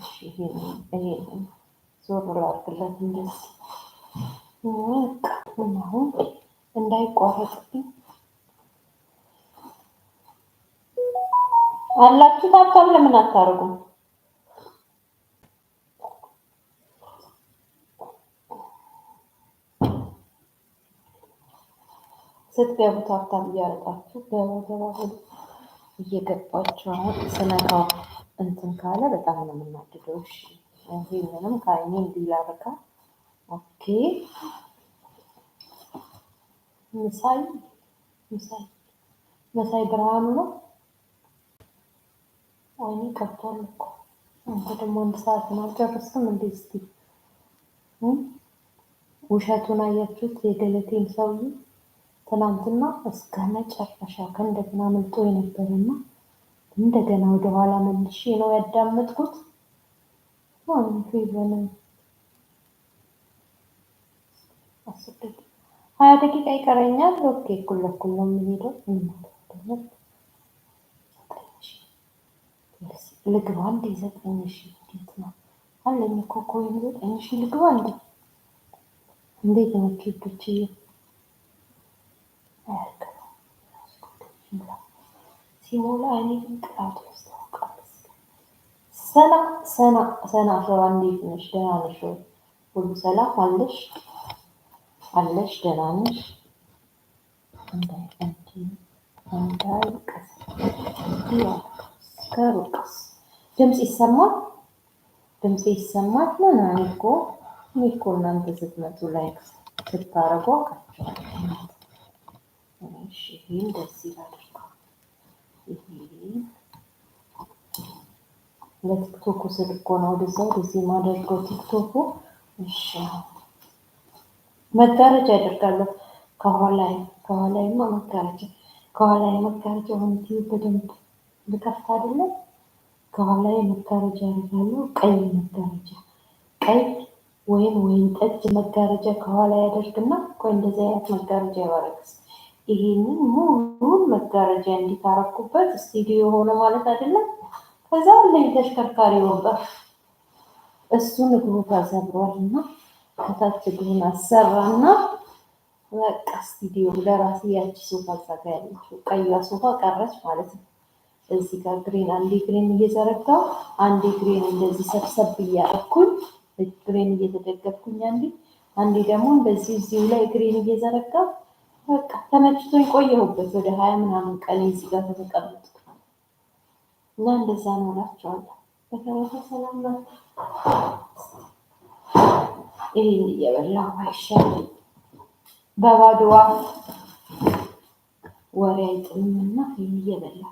እሺ ይሄ ዞር ላድርግለት እንደዚህ ወቅ ምናሁን እንዳይቋረጥብኝ አላችሁ። ታብታብ ለምን አታደርጉም? ስትገቡ ታብታብ እያረጣችሁ በወገባ እየገባችሁ አሁን ስነካው እንትን ካለ በጣም ነው የምናድደው። እሺ እንዲህ ምንም ከአይኔ እንዲህ ኦኬ መሳይ ምሳይ መሳይ ብርሃኑ ነው። አይኔ ቀርቷል እኮ አንተ ደግሞ አንድ ሰዓት ነው እንዴ እስቲ ውሸቱን አያችሁት? የገለቴን ሰውዬ ትናንትና እስከ መጨረሻ ከእንደገና ምልጦ የነበረና እንደገና ወደኋላ መልሼ ነው ያዳመጥኩት። ሀያ ደቂቃ ይቀረኛል። ኦኬ እኩል ለእኩል ነው የሚሄደው። ልግባ እንዴ? ዘጠኝ ሺ እንዴት ነው አለኝ እኮ ኮይን ዘጠኝ ሺ ልግባ እንዴ? እንዴት ነው ኬዶች ሲሞላ እኔ ቅጣቱ ያስታውቃል። ሰና ሰና ሰና ሰባ እንዴት ነሽ? ደህና ነሽ? ሁሉ ሰላም አለሽ? አለሽ ደህና ነሽ? እንዳይቀስ ከሩቅስ ድምፅ ይሰማል፣ ድምፅ ይሰማል። ምን አይኮ እኔ እናንተ ስትመጡ ላይክ ስታረጉ አውቃቸዋለሁ። ይህም ደስ ይላል። ይሄ ለቲክቶክ ስል እኮ ነው ወደዛ ወደዚህ ማደርገው። ቲክቶኩ እሺ፣ መጋረጃ ያደርጋለሁ። ከኋላይ ከኋላይማ መጋረጃ ከኋላይ መጋረጃ ሆንቲ በደንብ ልከፍት አይደለም። ከኋላይ መጋረጃ ቀይ መጋረጃ፣ ቀይ ወይም ወይን ጠጅ መጋረጃ ከኋላ ያደርግና ቆይ እንደዚህ አይነት መጋረጃ ይባረግስ ይሄንን ሙሉን መጋረጃ እንዲታረኩበት ስቱዲዮ የሆነ ማለት አይደለም። ከዛ ላይ ተሽከርካሪ ወንበር እሱን እግሩ እና ከታች እግሩን አሰራ እና በቃ ስቱዲዮ ለራሴ ያቺ ሶፋ ጸጋ ያለችው ቀያ ሶፋ ቀረች ማለት ነው። እዚህ ጋር ግሬን አንዴ ግሬን እየዘረጋው አንዴ ግሬን እንደዚህ ሰብሰብ እያረኩኝ ግሬን እየተደገፍኩኝ አንዴ አንዴ ደግሞ እንደዚህ እዚሁ ላይ ግሬን እየዘረጋው በቃ ተመችቶኝ ቆየሁበት ወደ ሀያ ምናምን ቀን እዚህ ጋር ተቀመጥኩ እና እንደዛ ነው እላቸዋለሁ። በተረፈ ሰላም ነው። ይህን እየበላሁ አይሻልም? በባዶዋ ወሬ አይጥምምና ይህን እየበላሁ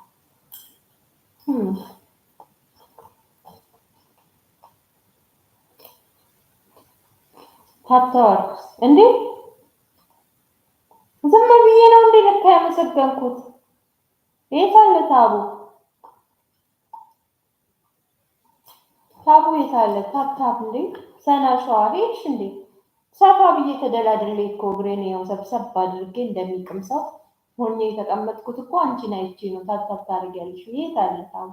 ታተዋል እንዴ ዝም ብዬ ነው እንዴ ለካ ያመሰገንኩት? የት አለ ታቡ? ታቡ የት አለ? ታብታብ እንዴ ሰና ሰናሸዋ ሄድሽ እንዴ? ሰፋ ብዬ ተደላድሬ እኮ እግሬን ያው ሰብሰብ አድርጌ እንደሚቅም ሰው ሆኜ የተቀመጥኩት እኮ አንቺን አይቼ ነው። ታብታብ ታደርጊያለሽ። የት አለ ታቡ?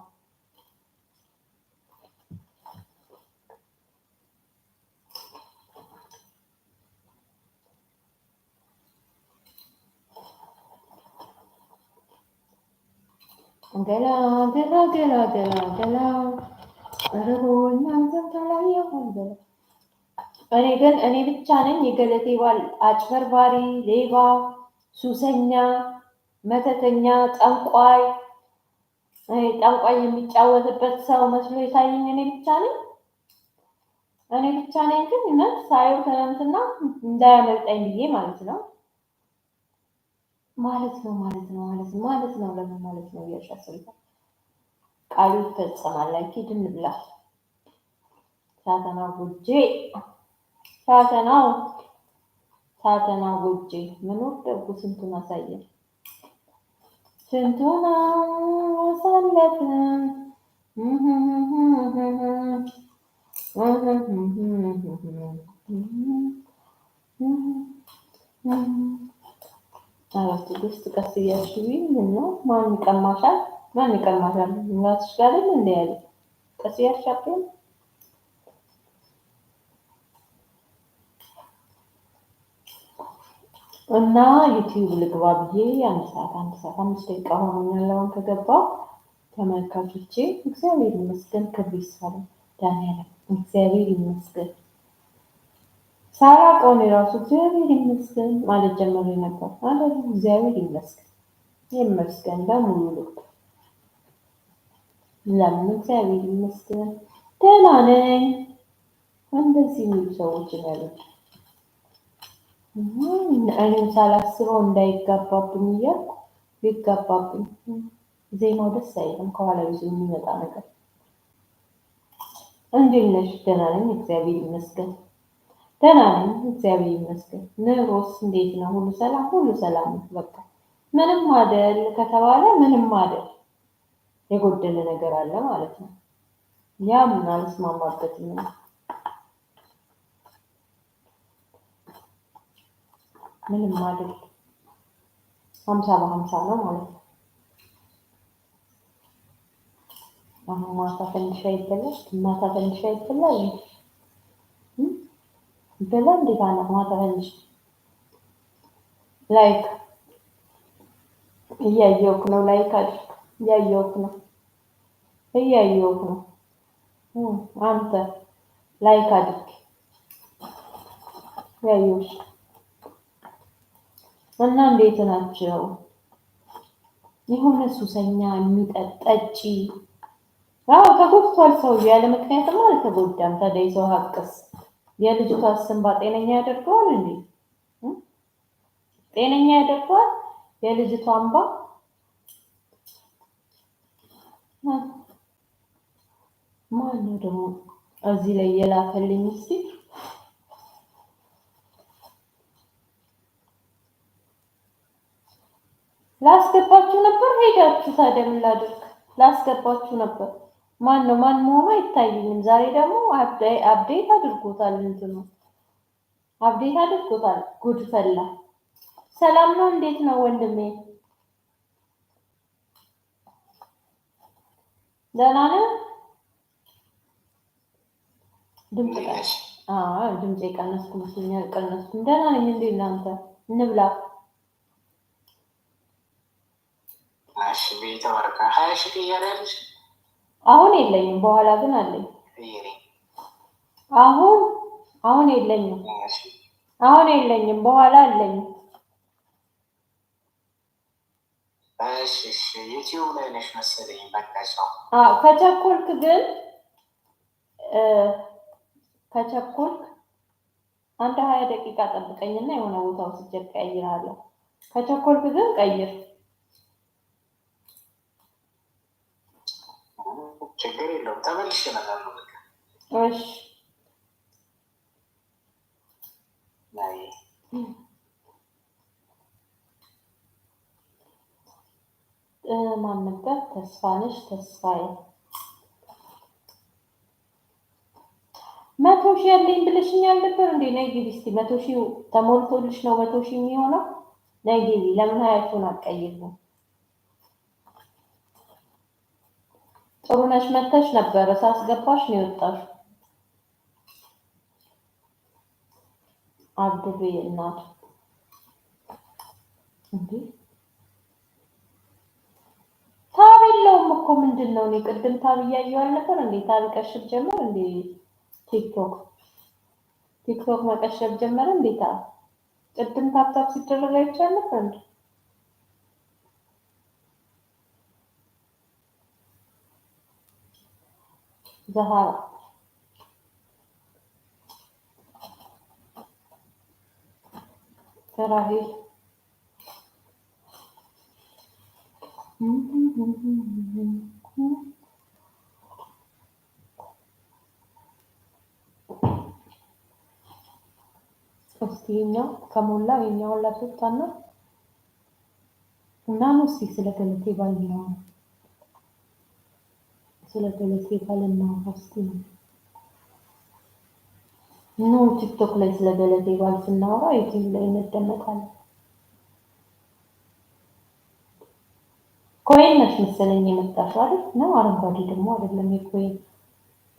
ገላ ገላ ገላ ገላ ገላ ረቦኛል ዘንተላይ ይሆን ገላ እኔ ግን እኔ ብቻ ነኝ የገለቴ ባል አጭበርባሪ፣ ሌባ፣ ሱሰኛ፣ መተተኛ፣ ጠንቋይ ጠንቋይ የሚጫወትበት ሰው መስሎ የታየኝ እኔ ብቻ ነኝ። እኔ ብቻ ነኝ ግን እውነት ሳየው ትናንትና እንዳያመልጠኝ ብዬ ማለት ነው። ማለት ነው ማለት ነው ማለት ነው ማለት ነው ለምን ማለት ነው እያልሽ አስብታ ቃሉ ይፈጸማል። ላይክ ድን ብላ ሳተና ጉጄ ሳተናው ሳተና ጉጄ ምን ወደቁ ስንቱን አሳየ ስንቱን አሳለፍን አራት ድስት ቀስ እያልሽ ምን ነው ማን ይቀማሻል? ማን ይቀማሻል? እናትሽ ጋር አይደል እንደ ያለ ቀስ እያልሽ እና ዩቲዩብ ልግባ ብዬ አንድ ሰዓት አንድ ሰዓት አምስት ደቂቃ ሆኖኛል። አሁን ከገባ ተመልካቾቼ እግዚአብሔር ይመስገን ክብር ይስፋ። ዳንኤል እግዚአብሔር ይመስገን። ሳራ ቆን የራሱ እግዚአብሔር ይመስገን ማለት ጀመረ ነበር ማለት እግዚአብሔር ይመስገን ይመስገን ለሙሉ ለምን እግዚአብሔር ይመስገን ደህና ነኝ። እንደዚህ የሚሉ ሰዎች ያሉ እኔም ሳላስበው እንዳይጋባብኝ እያልኩ ቢጋባብኝ ዜማው ደስ አይልም። ከኋላ ይዞ የሚመጣ ነገር እንዴት ነሽ? ደህና ነኝ እግዚአብሔር ይመስገን ደህና ነኝ እግዚአብሔር ይመስገን። ኑሮስ እንዴት ነው? ሁሉ ሰላም? ሁሉ ሰላም ነው። በቃ ምንም አደል ከተባለ ምንም አደል የጎደለ ነገር አለ ማለት ነው። ያ ምን አልስማማበትም ነው ምንም አይደል። ሀምሳ በሀምሳ ነው ማለት ነው። አሁን ማታ ፈንድሻ ይበላል፣ ማታ ፈንድሻ ይበላል። Byłam dywanem na gałęzi. Lejka. Jej okno, lejkaczka. Jej okno. Jej okno. Hı, Ante. Lejkadik. ያዩሽ እና እንዴት ናቸው? የሆነ ሱሰኛ የሚጠጣጭ አዎ፣ ተጎድቷል ሰውዬው። ያለ ምክንያትም አልተጎዳም። ታዲያ የሰው ሀቅስ የልጅቷ ስንባ ጤነኛ ያደርገዋል እንዴ? ጤነኛ ያደርገዋል የልጅቷ እንባ? ማነው ደግሞ እዚህ ላይ የላፈልኝ እስኪ ላስገባችሁ ነበር። ሄዳችሁ ታዲያ ምን ላድርግ? ላስገባችሁ ነበር ማን ነው ማን መሆኑ አይታየኝም። ዛሬ ደግሞ አብዴት አድርጎታል፣ እንትኑ አብዴት አድርጎታል። ጉድ ፈላ። ሰላም ነው እንዴት ነው ወንድሜ? ደህና ነህ? ድምፅ ቀነስ አዎ፣ ድምፅ የቀነስኩ መስሎኛል። ቀነስኩም ደህና ነኝ። እንዴት እናንተ እንብላ አሽ ቤት ወርቃ ሀያ ሺህ እያለ ያለች አሁን የለኝም፣ በኋላ ግን አለኝ። አሁን አሁን የለኝም፣ አሁን የለኝም፣ በኋላ አለኝ። ከቸኮልክ ግን ከቸኮልክ አንድ ሀያ ደቂቃ ጠብቀኝና የሆነ ቦታ ውስጥ ቀይራለሁ። ከቸኮልክ ግን ቀይር። መልሼ እመጣለሁ። በቃ ማን ነበር? ተስፋነሽ ተስፋዬ መቶ ሺህ ያለኝ ብለሽኛል ነበር እንዴ? ነይ ግቢ እስኪ። መቶ ሺህ ተሞልቶልሽ ነው መቶ ሺህ የሚሆነው? ነይ ግቢ። ለምን ሀያችሁን አትቀይሩም? ጥሩ ነሽ መተሽ ነበረ ሳስገባሽ ነው የወጣሽ። አብቤ እናቱ እንዴ ታብ የለውም እኮ ምንድን ነው? እኔ ቅድም ታብ እያየሁ አልነበር እንዴ? ታብ ቀሽብ ጀመር እንዴ? ቲክቶክ ቲክቶክ መቀሸብ ጀመረ እንዴ? ታብ ቅድም ታብታብ ሲደረግ አይቻል ነበር እንዴ? Zahara. Karahi. Ostigno, Kamulla, Vignola, Sultan. Unano sì se la relativa al nome. ስለ ገለቴ ባልናወራ እስኪ ነው ኖ ቲክቶክ ላይ ስለ ገለቴ ባል ስናወራ ዩቲዩብ ላይ እንደመጣለን። ኮይን ነሽ መሰለኝ የመጣሽው አይደል? ነው አረንጓዴ ደግሞ አይደለም የኮይን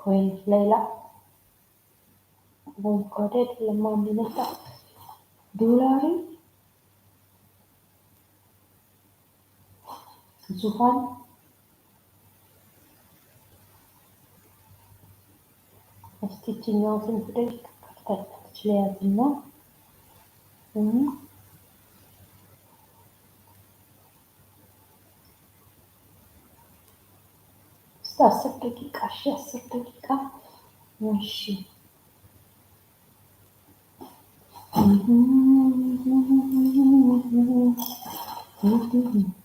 ኮይን ሌላ አረንጓዴ አይደለም የመጣ ዶላሪ ዙፋን için yolculuğu da tutuşlayalım mı? Hmm. Está certo aqui, caixa, certo aqui, cá. Tá? Oxi. Uhum. uhum. uhum. uhum.